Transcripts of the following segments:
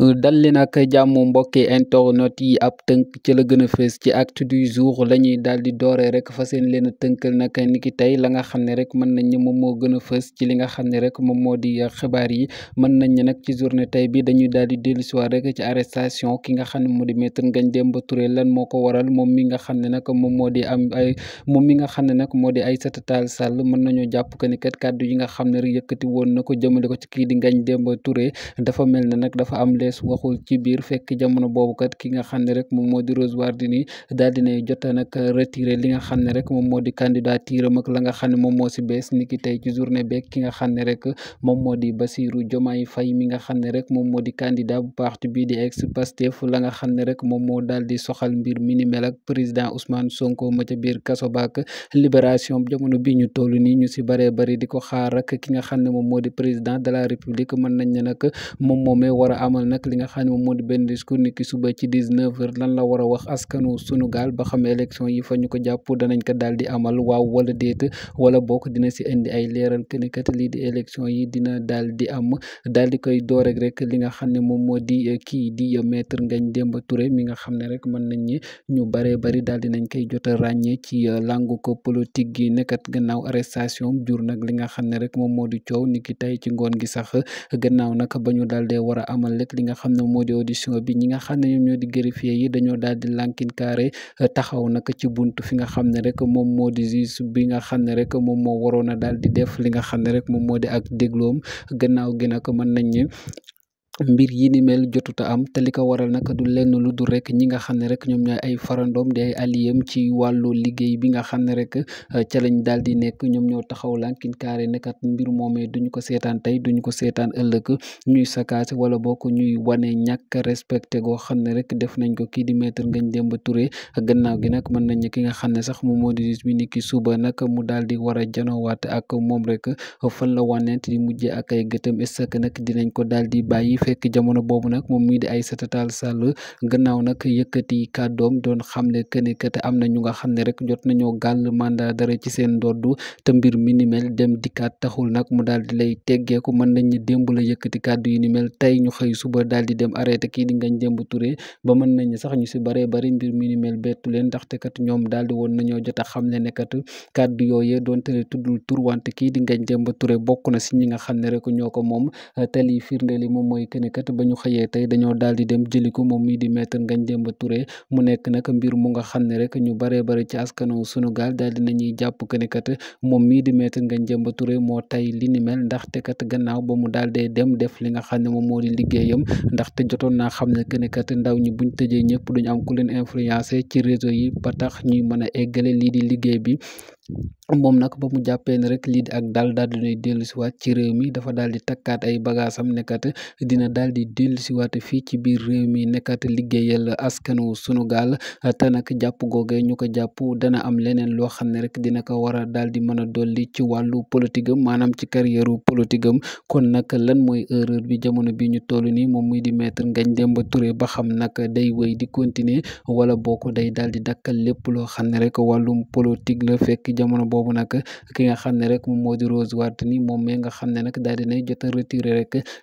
dal leen ak jàmm mbokki internet yi ab tënk ci la gën a fees ci acte du jour la ñuy daal di doore rek fa seen leen a tënkal nag niki tey la nga xam ne rek mën nañ ne moom moo gën a fës ci li nga xam ne rek moom moo di xibaar yi mën nañ ne nag ci journée tey bi dañuy daal di dellusiwaat rek ci arrestation ki nga xam ne moo di Maître ngañ Demba Touré lan moo ko waral moom mi nga xam ne nag moom moo di am ay moom mi nga xam ne nag moo di Aïssata Tall Sall mën nañoo jàpp que ni kat kàddu yi nga xam ne rek yëkkati woon na ko jëmale ko ci kii di ngañ Demba Touré dafa Thiès waxul ci biir fekk jamono boobu kat ki nga xam ne rek moom moo di Rose Wardini daal dinay jota nag retiré li xam ne rek moom moo di candidature am ak la nga xam ne moo si bees ni ki tey ci journée beeg ki nga xam ne rek moom moo di Bassirou Diomaye Faye mi nga xam ne rek moom moo di candidat bu parti bii di ex Pastef la nga xam ne rek moom moo daal soxal mbir mi ni mel ak président Ousmane Sonko ma ca biir kaso baak libération jamono bi ñu toll ni ñu si baree bari di ko xaar ki nga xam ne moom moo di président de la république mën nañ ne nag moom moomee a amal nag nag li nga xam ne moom moo di benn discours ni ki suba ci 19 ko jàpp danañ ko daal di amal waaw wala déet wala bokk dina si indi ay leeral que ni kat lii di élection yi dina daal di am daal di koy door rek rek li nga xam ne moom moo di eh, kii di maître Ngagne Demba Touré mi nga xam ne rek mën nañ ñi ñu baree bari daal di nañ koy jot a ràññee ci eh, langu ko politique gi nekkat gannaaw arrestation jur nag li nga xam ne rek moom moo di coow ni ki tey ci ngoon gi sax gannaaw nag ba ñu daal dee amal rek li nga xam na moo di audition bi ñi nga xam ne ñoom ñoo di greffier yi dañoo daal di lankin carré taxaw nag ci buntu fi nga xam ne rek moom moo di juge bi nga xam ne rek moom moo waroon a daal di def li nga xam ne rek moom moo di ak dégloom gannaaw gi nag mën nañ ñi mbir yi ni mel jotuta am te li ko waral nag du lenn lu dul rek ñi nga xam ne rek ñoom ñoo ay farandoom di ay alliéem ci wàllu liggéey bi nga xam ne rek euh, ca lañ daal di nekk ñoom ñoo taxaw lankin kaare nekkat mbir moomee duñu ko seetaan tey duñu ko seetaan ëllëg ñuy sakaase wala boo ko ñuy wane ñàkk respecté goo xam ne rek def nañ ko kii di maître Ngagne Demba Touré gannaaw gi nag mën nañ ki nga xam ne sax moom moo di bi ni ki suba nag mu daal di war a janowaate ak moom rek fekk jamono boobu nag moom mii di Aïssata Tall Sall gannaaw nag yëkkati kàddoom doon xamle que kat am na ñu nga xam ne rek jot na nañoo gàll mandat dara ci seen ndoddu te mbir mi ni mel dem dikkaat taxul nag mu daal di lay teggeeku mën nañ ñu démb la yëkkati kàddu yi ni mel tey ñu xëy suba daal di dem arrêté kii di Ngagne Demba Touré ba mën nañ sax ñu si baree bari mbir mi ni mel bettu ndaxte kat ñoom daal di woon nañoo jot a xam ne ne kat kàddu yooyee donte ne tuddul tur wante kii di Ngagne Demba Touré bokk na si ñi nga xam ne rek ñoo ko moom xamante ne kat ba ñu xëyee tey dañoo daal di dem jëli ko moom mii di maître Ngagne Demba Touré mu nekk nag mbir mu nga xam ne rek ñu baree bari ci askanu Sunugaal daal di nañuy jàpp que moom mii di maître Ngagne Demba Touré moo tay li ni mel ndaxte kat gannaaw ba mu daal dee dem def li nga xam ne moom moo di liggéeyam ndaxte jotoon naa xam ne que ne kat ndaw ñi buñ tëjee ñëpp duñu am ku leen influencé ci réseau yi ba tax ñuy mën a lii di liggéey bi moom nag ba mu jàppee ne rek lii di ak daal daal dinay dellusiwaat ci réew mi dafa daal di takkaat ay bagaasam nekkat dina daal di dellusiwaat fii ci biir réew mi nekkat liggéeyal askanu sunu gaal te nag jàpp googee ñu ko jàpp dana am leneen loo xam ne rek dina ko war a daal di mën a dolli ci wàllu politique maanaam ci carrière politique am kon nag lan mooy erreur bi jamono bi ñu toll nii moom muy di maître Ngagne ba ture ba xam nag day wéy di continuer wala boo day daal di dakkal jamono boobu nag ki nga xam ne rek moom moo di Rose Wardini moom mi nga xam ne nag daal dinay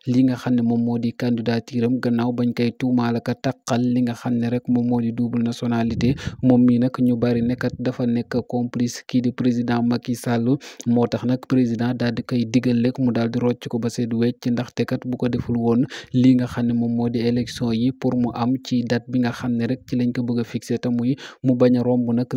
li nga xam ne moom moo di candidature am gannaaw bañ koy tuumaal ak taqal li nga xam ne rek moom moo di double nationalité moom mii nag ñu bari nekkat dafa nekk complice kii di président Macky Sall moo tax nag président dal di koy digal rek mu daal di rocc ko ba seet wecc ndaxte kat bu ko deful woon li nga xam ne moom moo di élection yi pour mu am ci date bi nga xam ne rek ci lañ ko bëgg a fixé mu bañ romb nag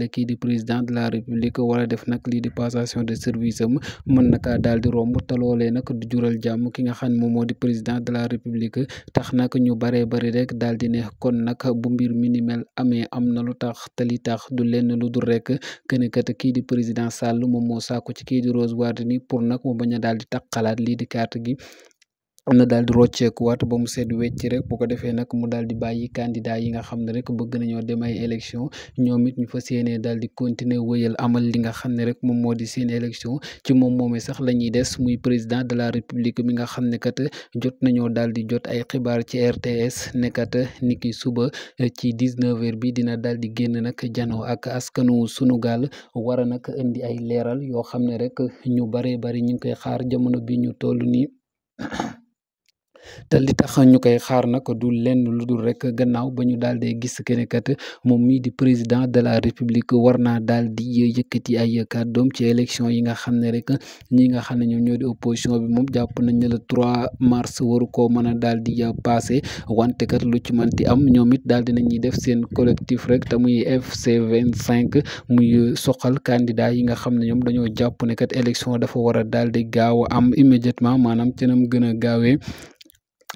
la kii di président de la république wala def nag lii di passation de service am mën na dal di romb te loolee nag du jural jàmm ki nga xam moom moo di président de la république tax naka ñu baree bari rek daal di ne kon nag bu mbir mi ni amee am na lu tax te li tax du lenn lu dul rek kënekat kii di président Sall moom moo sàkku ci kii di Rose ni pour nag mu bañ a daal di taqalaat lii di carte gi xam na daal di rocceekuwaat ba mu seet wecc rek bu ko defee nag mu daal di bàyyi candidat yi nga xam ne rek bëgg nañoo dem ay élection ñoom it ñu fa yéenee daal di continuer wëyal amal li nga xam ne rek moom moo di seen élection ci moom moomee sax la ñuy des muy président de la république bi nga xam ne kat jot nañoo daal di jot ay xibaar ci RTS nekkat ni ki suba ci 19h bi dina daal di génn nag janoo ak askanu sunu gaal war a nag indi ay leeral yoo xam ne rek ñu baree bari ñu ngi koy xaar jamono bi ñu toll nii te li tax ñu koy xaar nag du lenn lu dul rek gannaaw ba ñu daal di gis kenn moom mii di président de la république war naa daal di yëkkati ay kàddoom ci élection yi nga xam ne rek ñi nga xam ne ñoom ñoo di opposition bi moom jàpp nañ ne le 3 mars waru koo mën a daal di passé wante kat lu ci mënti am ñoom it daal di nañuy def seen collectif rek te muy FC 25 muy soxal candidat yi nga xam ne ñoom dañoo jàpp ne kat élection dafa war a daal di gaaw a am immédiatement maanaam ci nam gën a gaawee.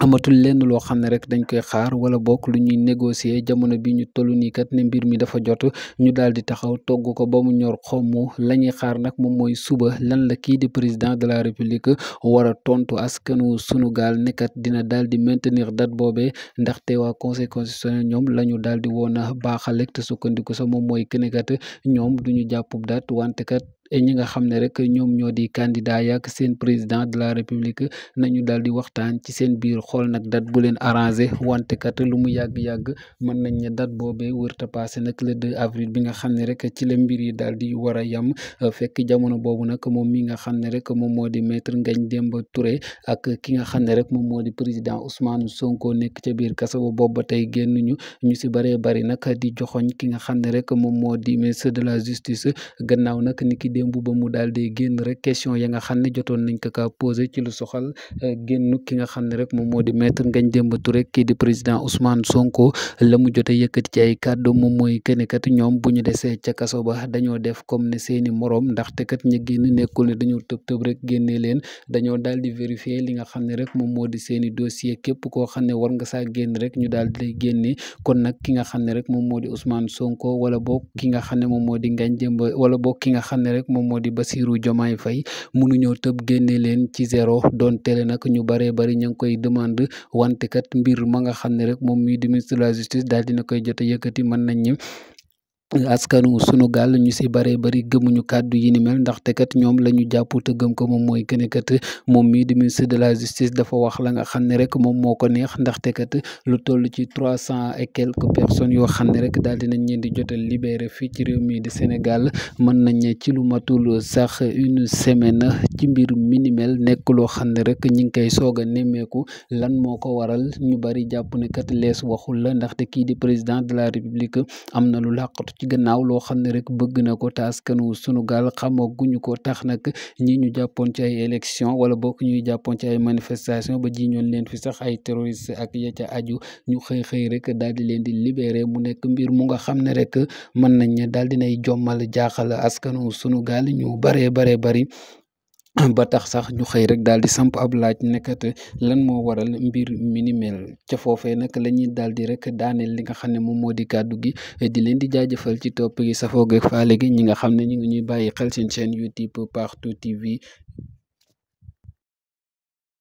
amatul lenn loo xam ne rek dañ koy xaar wala bokk lu ñuy négocier jamono bi ñu toll nii kat ne mbir mi dafa jot ñu daal di taxaw togg ko ba mu ñor xomm la ñuy xaar nag moom mooy suba lan la kii di président de la république war a tontu askanu sunu gaal nekkat dina daal di maintenir date boobe ndaxte waa conseil constitutionnel ñoom la ñu daal di woon a baaxal te sukkandiku sa moom mooy kenekat ñoom du ñu jàpp date ñi nga xam ne rek ñoom ñoo di candidat yak seen président de la république nañu daal di waxtaan ci seen biir xool nag date bu leen arrangé wante kat lu mu yàgg-yàgg man nañ ne date boobee wërta passé nag le 2 avril bi nga xam ne rek ci la mbir yi daal di war a yam fekk jamono boobu nag moom mi nga xam ne rek moom moo di maitre Ngagne Demba ture ak ki nga xam ne rek moom moo di président Ousmane Sonko nekk ca biir kaso ba ba tey génn ñu ñu si bëree bëri nag di joxoñ ki nga xam rek moom moo di ministre la justice démb ba mu daal di génn rek question ya nga xam ne jotoon nañ ko kaa posé ci lu soxal euh, génn ki nga xam ne rek mu jote mooy kenn kat ñoom bu ñu desee ca kaso ba dañoo def comme ne seeni morom ndaxte kat ñi génn nekkul ne dañoo tëb tëb rek génnee leen dañoo daal di vérifier li nga xam ne rek moom moo dossier képp koo xam ne war nga saa génn ñu daal di génne kon nag ki nga xam ne rek moom moo di Ousmane Sonko wala boog ki nga xam ne moom moo di Ngagne Demba wala boog ki nga xam ne rek moom moo di Bassirou fay munu ñëw tëb génne leen ci zéro doon télé ñu baree bari ñu ngi koy demande wante kat mbir ma nga xam ne rek moom mii di ministre de la justice daal dina koy jot a yëkkati mën nañ ñi askanu sunu gaal ñu si bëree bëri gëmuñu kàddu yi ni ndaxte kat ñoom la ñu jàpp te gëm ko moom mooy gën kat moom mii di ministre de la justice dafa wax la nga xam ne rek moom moo ko neex ndaxte kat lu toll ci trois cent et quelques personnes yoo xam ne rek daal dinañ leen di jotal libéré fii ci réew mii di Sénégal mën nañ ci lu matul sax une semaine ci mbir minimel nekk loo xam ne rek ñi ngi koy soog a nemmeeku lan moo ko waral ñu bari jàpp ne kat lees waxul la ndaxte kii di président de am na lu làqatu gannaaw loo xam ne rek bëgg na ko te askanu sunu gaal xamaguñu ko tax nag ñi ñu jàppoon ci ay élection wala bokk ñuy jàppoon ci ay manifestation ba ji ñoon leen fi sax ay terroriste ak ya ca aju ñu xëy xëy rek daal di leen di libéré mu nekk mbir mu nga xam ne rek mën nañ ne daal dinay jommal jaaxal askanu sunu gaal ñu baree baree bari ba tax sax ñu xëy rek daal di samp ab laaj nekkat lan moo waral mbir mi ca foofee nag lañuy ñuy daal di rek daaneel li nga xam ne moom moo di kàddu gi di leen di jaajëfal ci topp gi safoo gi faale gi ñi nga xam ne ñu ngi ñuy bàyyi xel seen chaîne YouTube Partout TV